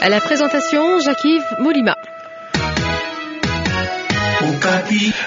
À la présentation, Jacques-Yves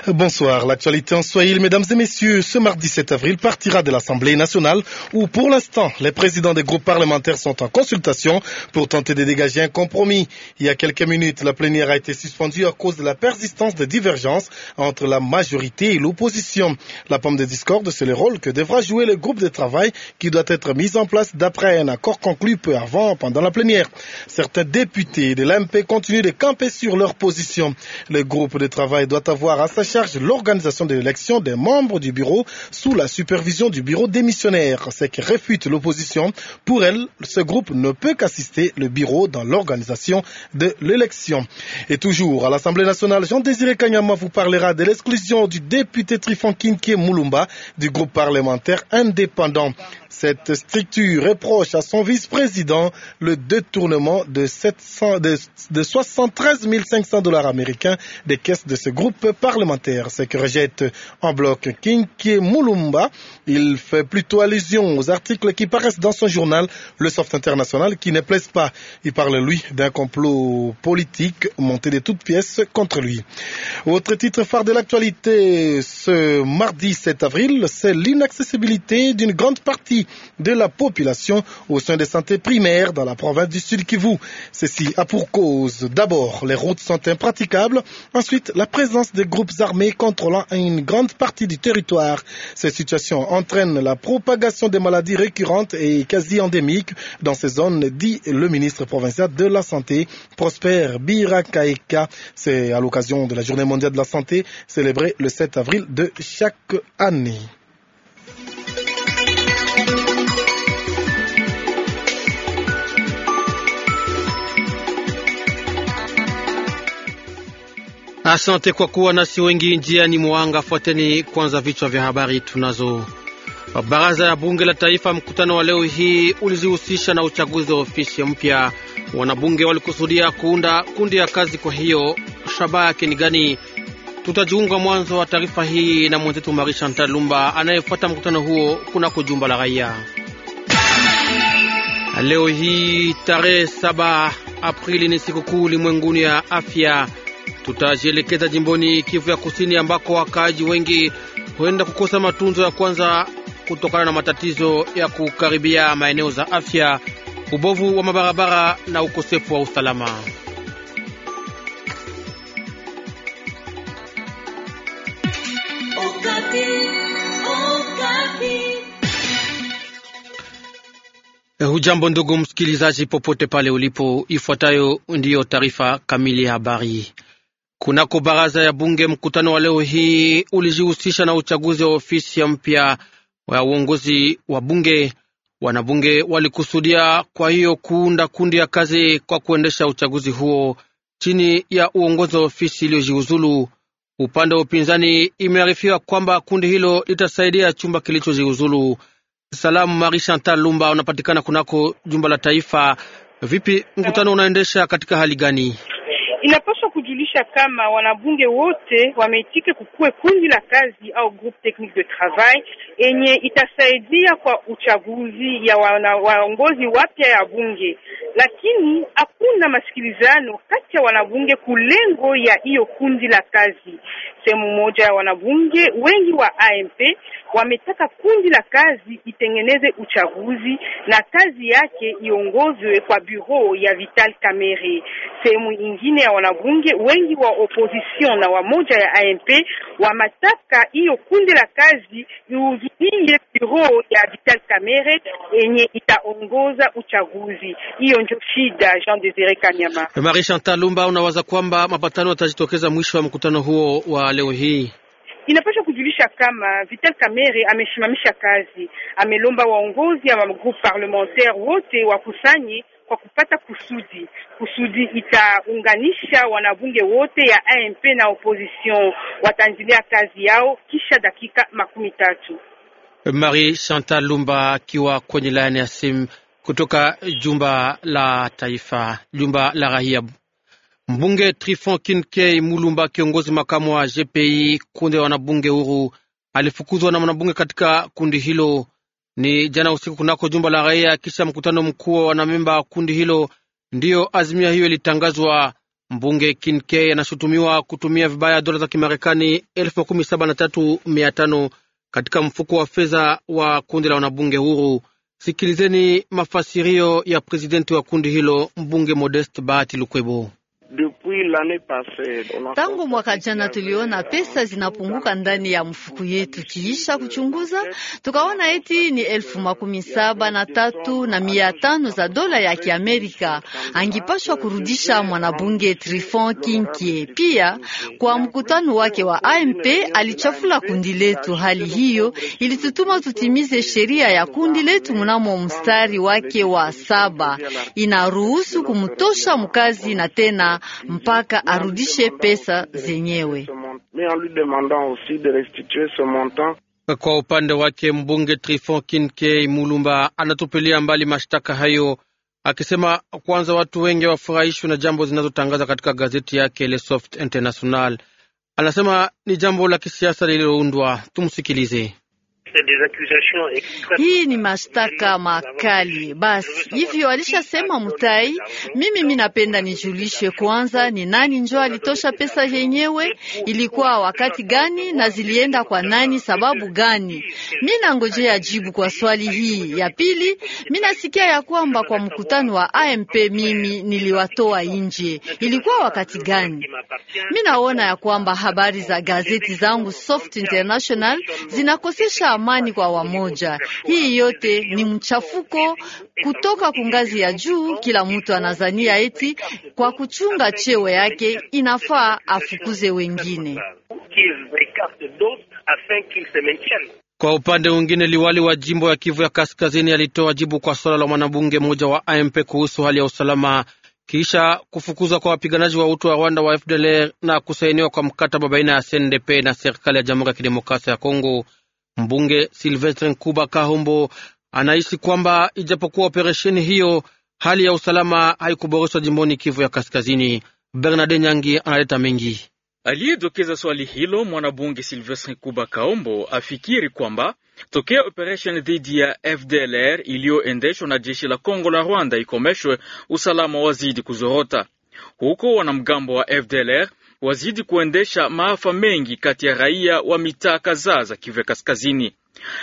Bonsoir. L'actualité en Swahili, mesdames et messieurs, ce mardi 7 avril partira de l'Assemblée nationale où, pour l'instant, les présidents des groupes parlementaires sont en consultation pour tenter de dégager un compromis. Il y a quelques minutes, la plénière a été suspendue à cause de la persistance des divergences entre la majorité et l'opposition. La pomme de discorde, c'est le rôle que devra jouer le groupe de travail qui doit être mis en place d'après un accord conclu peu avant, pendant la plénière. Certains députés de l'AMP continuent de camper sur leur position. Le groupe de travail doit avoir à sa charge l'organisation de l'élection des membres du bureau sous la supervision du bureau démissionnaire. Ce qui réfute l'opposition. Pour elle, ce groupe ne peut qu'assister le bureau dans l'organisation de l'élection. Et toujours à l'Assemblée nationale, Jean-Désiré Kanyama vous parlera de l'exclusion du député Trifon Kinke Moulumba du groupe parlementaire indépendant. Cette structure reproche à son vice-président le détournement de, 700, de 73 500 dollars américains des caisses de ce groupe parlementaire, ce que rejette en bloc Kinkie Moulumba. Il fait plutôt allusion aux articles qui paraissent dans son journal, le Soft International, qui ne plaisent pas. Il parle, lui, d'un complot politique monté de toutes pièces contre lui. Autre titre phare de l'actualité, ce mardi 7 avril, c'est l'inaccessibilité d'une grande partie de la population au sein des santé primaires dans la province du Sud Kivu. Ceci a pour cause d'abord les routes sont impraticables, ensuite la présence des groupes armés contrôlant une grande partie du territoire. Cette situation entraîne la propagation des maladies récurrentes et quasi endémiques dans ces zones, dit le ministre provincial de la Santé, Prosper Birakaeka. C'est à l'occasion de la Journée mondiale de la santé célébrée le 7 avril de chaque année. Asante kwa kuwa nasi wengi njiani mwanga. Fuateni kwanza vichwa vya habari tunazo. Baraza ya bunge la taifa, mkutano wa leo hii ulizihusisha na uchaguzi wa ofisi mpya. Wanabunge walikusudia kuunda kundi ya kazi, kwa hiyo shabaha yake ni gani? Tutajiunga mwanzo wa taarifa hii na mwenzetu Marisha Ntalumba Lumba anayefuata mkutano huo kunako jumba la raia. Leo hii tarehe 7 Aprili ni sikukuu ulimwenguni ya afya. Tutajielekeza jimboni Kivu ya Kusini, ambako wakaaji wengi huenda kukosa matunzo ya kwanza kutokana na matatizo ya kukaribia maeneo za afya, ubovu wa mabarabara na ukosefu wa usalama. Eh, hujambo ndugu msikilizaji, popote pale ulipo, ifuatayo ndiyo taarifa kamili ya habari. Kunako baraza ya bunge, mkutano wa leo hii ulijihusisha na uchaguzi wa ofisi ya mpya wa uongozi wa bunge. Wanabunge walikusudia kwa hiyo kuunda kundi ya kazi kwa kuendesha uchaguzi huo chini ya uongozi wa ofisi iliyojiuzulu. Upande wa upinzani imearifiwa kwamba kundi hilo litasaidia chumba kilichojiuzulu. Salamu Marie Chantal Lumba, unapatikana kunako jumba la taifa. Vipi, mkutano unaendesha katika hali gani? inapaswa kujulisha kama wanabunge wote wameitika kukuwe kundi la kazi au groupe technique de travail yenye itasaidia kwa uchaguzi ya waongozi wapya ya bunge, lakini hakuna masikilizano kati ya wanabunge kulengo ya hiyo kundi la kazi. Sehemu moja ya wanabunge wengi wa AMP wametaka kundi la kazi itengeneze uchaguzi na kazi yake iongozwe kwa bureau ya Vital Kamerhe. Sehemu nyingine ya wanabunge wengi wa opposition na wamoja ya AMP wamataka hiyo kundi la kazi iuzuie biro ya Vital Kamerhe yenye itaongoza uchaguzi. Hiyo ndio shida. Jean Desire Kanyama. Eh, Marie Chantal Lumba, unawaza kwamba mapatano yatajitokeza mwisho wa mkutano huo wa leo hii? Inapaswa kujulisha kama Vital Kamerhe amesimamisha kazi, amelomba waongozi ama magroupe parlementaire wote wakusanye kwa kupata kusudi. Kusudi itaunganisha wanabunge wote ya AMP na opposition, wataendelea kazi yao kisha dakika makumi tatu. Marie Chantal Lumba akiwa kwenye laini ya simu kutoka jumba la taifa, jumba la rahia. Mbunge Trifon Kinkei Mulumba, kiongozi makamu wa GPI, kundi la wanabunge huru, alifukuzwa na mwanabunge katika kundi hilo ni jana usiku kunako jumba la raia, kisha mkutano mkuu wa wanamemba wa kundi hilo, ndiyo azimia hiyo ilitangazwa. Mbunge Kinke anashutumiwa kutumia vibaya dola za Kimarekani elfu katika mfuko wa fedha wa kundi la wanabunge huru. Sikilizeni mafasirio ya prezidenti wa kundi hilo, mbunge Modeste Bahati Lukwebo. Tangu mwaka jana tuliona pesa zinapunguka ndani ya mfuku yetu, kiisha kuchunguza tukaona eti ni elfu makumi saba na tatu na mia tano za dola ya Kiamerika. Angipashwa kurudisha mwanabunge Trifon Kinkie. Pia kwa mkutano wake wa AMP alichafula kundi letu. Hali hiyo ilitutuma tutimize sheria ya kundi letu mnamo mstari wake wa saba, inaruhusu kumtosha mkazi na tena mpaka arudishe pesa zenyewe. Kwa upande wake mbunge Trifon Kinkei Mulumba anatupilia mbali mashtaka hayo akisema kwanza watu wengi wafurahishwe na jambo zinazotangaza katika gazeti yake Le Soft International. Anasema ni jambo la kisiasa lililoundwa. Tumsikilize. Hii ni mashtaka makali. Basi hivyo alishasema Mutai, mimi minapenda nijulishe kwanza ni nani njo alitosha pesa yenyewe, ilikuwa wakati gani na zilienda kwa nani, sababu gani. nangojea jibu kwa swali hii ya pili. Minasikia ya kwamba kwa mkutano wa AMP mimi niliwatoa nje, ilikuwa wakati gani? Minaona ya kwamba habari za gazeti zangu Soft International zinakosesha amani kwa wamoja. Hii yote ni mchafuko kutoka kungazi ya juu. Kila mtu anazania eti kwa kuchunga chewe yake inafaa afukuze wengine. Kwa upande mwingine, liwali wa jimbo ya Kivu ya Kaskazini alitoa jibu kwa swala la mwanabunge mmoja wa AMP kuhusu hali ya usalama kisha kufukuzwa kwa wapiganaji wa utu wa Rwanda wa FDLR na kusainiwa kwa mkataba baina ya SNDP na serikali ya Jamhuri ya Kidemokrasia ya Kongo. Mbunge Silvestre Nkuba Kahombo anahisi kwamba ijapokuwa operesheni hiyo, hali ya usalama haikuboreshwa jimboni Kivu ya Kaskazini. Bernard Nyangi analeta mengi. Aliyedokeza swali hilo mwanabunge Silvestre Kuba Kaombo afikiri kwamba tokea operesheni dhidi ya FDLR iliyoendeshwa na jeshi la Kongo la Rwanda ikomeshwe, usalama wazidi kuzorota huko. Wanamgambo wa FDLR wazidi kuendesha maafa mengi kati ya raia wa mitaa kadhaa za Kivu Kaskazini.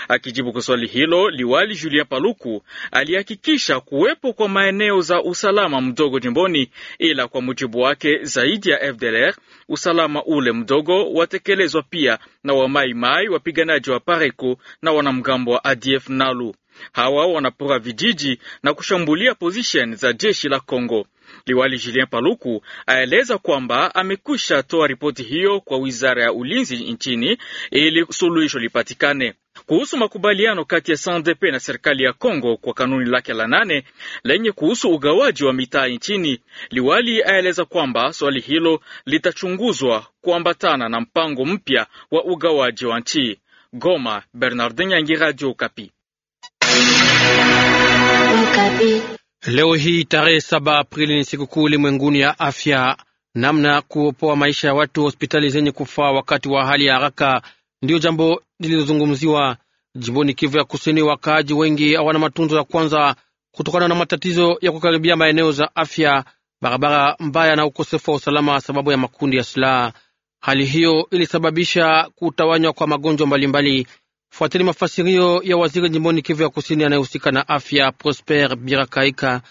Akijibu kwa swali hilo, liwali Julien Paluku alihakikisha kuwepo kwa maeneo za usalama mdogo jimboni, ila kwa mujibu wake, zaidi ya FDLR usalama ule mdogo watekelezwa pia na wamaimai, wapiganaji wa Pareco na wanamgambo wa ADF Nalu. Hawa wanapora vijiji na kushambulia pozishen za jeshi la congo Liwali Julien Paluku aeleza kwamba amekwisha toa ripoti hiyo kwa wizara ya ulinzi nchini ili suluhisho lipatikane kuhusu makubaliano kati ya SNDP na serikali ya congo kwa kanuni lake la nane lenye kuhusu ugawaji wa mitaa nchini. Liwali aeleza kwamba swali hilo litachunguzwa kuambatana na mpango mpya wa ugawaji wa nchi. Goma, Bernardin nyangi Radio Okapi. Leo hii tarehe 7 Aprili ni sikukuu ulimwenguni ya afya. Namna kuopoa maisha ya watu hospitali zenye kufaa wakati wa hali ya haraka ndiyo jambo lililozungumziwa jimboni Kivu ya Kusini. Wakaaji wengi hawana matunzo ya kwanza kutokana na matatizo ya kukaribia maeneo za afya, barabara mbaya na ukosefu wa usalama sababu ya makundi ya silaha. Hali hiyo ilisababisha kutawanywa kwa magonjwa mbalimbali mbali. Fuatili mafasirio ya waziri jimboni Kivu ya Kusini anayehusika na afya Prosper Birakaika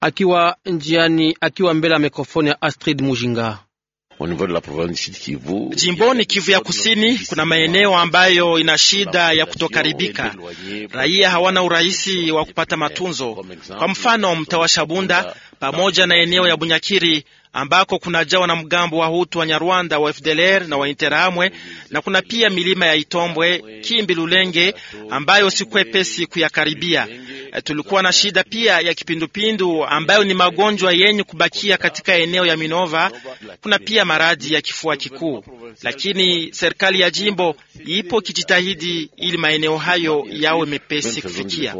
akiwa njiani, akiwa mbele ya mikrofoni ya Astrid Mujinga. Jimboni Kivu ya Kusini kuna maeneo ambayo ina shida ya kutokaribika, raia hawana urahisi wa kupata matunzo. Kwa mfano, mtawa Shabunda pamoja na eneo ya Bunyakiri ambako kuna jawa na mgambo wa Hutu wa Nyarwanda wa FDLR na wa Interahamwe, na kuna pia milima ya Itombwe, Kimbi, Lulenge ambayo si kwepesi kuyakaribia. Eh, tulikuwa na shida pia ya kipindupindu ambayo ni magonjwa yenye kubakia katika eneo ya Minova. Kuna pia maradhi ya kifua kikuu, lakini serikali ya jimbo ipo kijitahidi ili maeneo hayo yawe mepesi kufikia.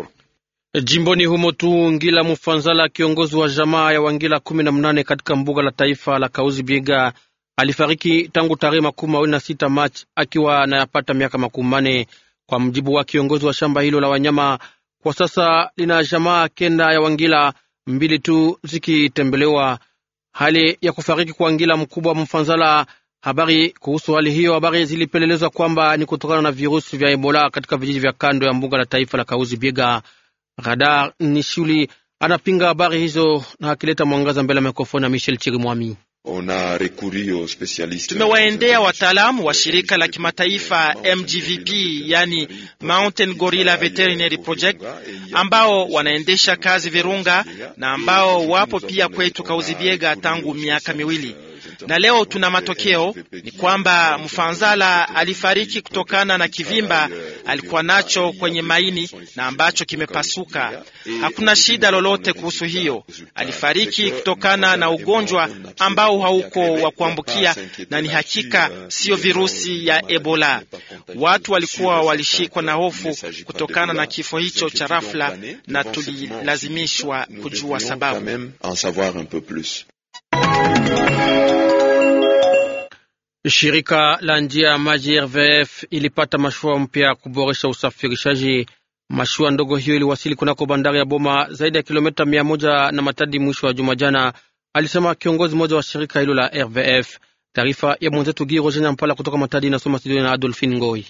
Jimboni humo tu Ngila Mufanzala, kiongozi wa jamaa ya Wangila kumi na mnane katika mbuga la taifa la Kauzi Biega, alifariki tangu tarehe makumi mawili na sita Machi akiwa anayapata miaka makumi kwa mjibu wa kiongozi wa shamba hilo la wanyama. Kwa sasa lina jamaa kenda ya Wangila, mbili tu zikitembelewa. Hali ya kufariki kwa Ngila mkubwa Mfanzala. Habari kuhusu hali hiyo, habari zilipelelezwa kwamba ni kutokana na virusi vya Ebola katika vijiji vya kando ya mbuga la taifa la Kauzi Biega. Radar ni shuli anapinga habari hizo na akileta mwangaza mbele ya mikrofoni ya Michel Chirimwami. Tumewaendea wataalamu wa shirika la kimataifa MGVP, yani Mountain Gorilla Veterinary Project, ambao wanaendesha kazi Virunga na ambao wapo pia kwetu Kauzibiega tangu miaka miwili na leo tuna matokeo ni kwamba Mfanzala alifariki kutokana na kivimba alikuwa nacho kwenye maini na ambacho kimepasuka. Hakuna shida lolote kuhusu hiyo. Alifariki kutokana na ugonjwa ambao hauko wa kuambukia, na ni hakika siyo virusi ya Ebola. Watu walikuwa walishikwa na hofu kutokana na kifo hicho cha rafla, na tulilazimishwa kujua sababu. Shirika la njia ya maji RVF ilipata mashua mpya ya kuboresha usafirishaji. Mashua ndogo hiyo iliwasili kunako bandari ya Boma, zaidi ya kilomita mia moja na Matadi mwisho wa juma jana, alisema kiongozi mmoja wa shirika hilo la RVF. Taarifa ya mwenzetu Giro Jenya Mpala kutoka Matadi inasoma studio na Adolfin Ngoi.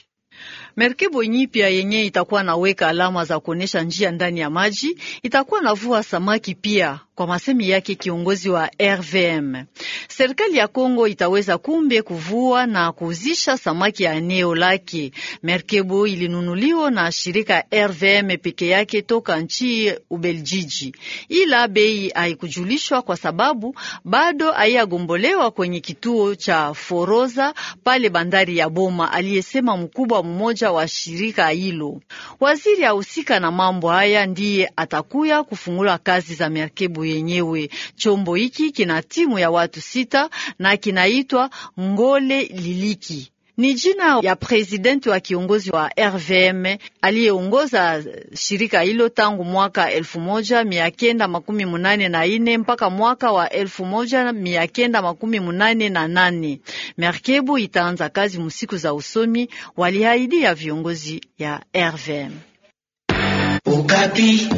Merkebo nyipya yenye itakuwa naweka alama za kuonesha njia ndani ya maji, itakuwa navua samaki pia kwa masemi yake kiongozi wa RVM. Serikali ya Kongo itaweza kumbe kuvua na kuuzisha samaki ya eneo lake. Merkebu ilinunuliwa na shirika RVM peke yake toka nchi Ubeljiji, ila bei haikujulishwa kwa sababu bado haiyagombolewa kwenye kituo cha Foroza pale bandari ya Boma, aliyesema mkubwa mmoja wa shirika hilo. Waziri ahusika na mambo haya ndiye atakuya kufungula kazi za merkebu yenyewe. Chombo hiki kina timu ya watu sita na kinaitwa Ngole Liliki ni jina ya presidenti wa kiongozi wa RVM aliyeongoza shirika hilo tangu mwaka elfu moja mia kenda makumi munane na ine mpaka mwaka wa elfu moja mia kenda makumi munane na nane. Merkebu itaanza kazi musiku za usomi, walihaidi ya viongozi ya RVM Ukapi.